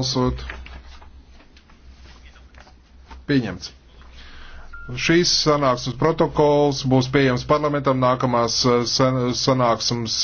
balsot. Pieņemts. Šīs sanāksmes protokols būs pieejams parlamentam nākamās eh, sanāksmes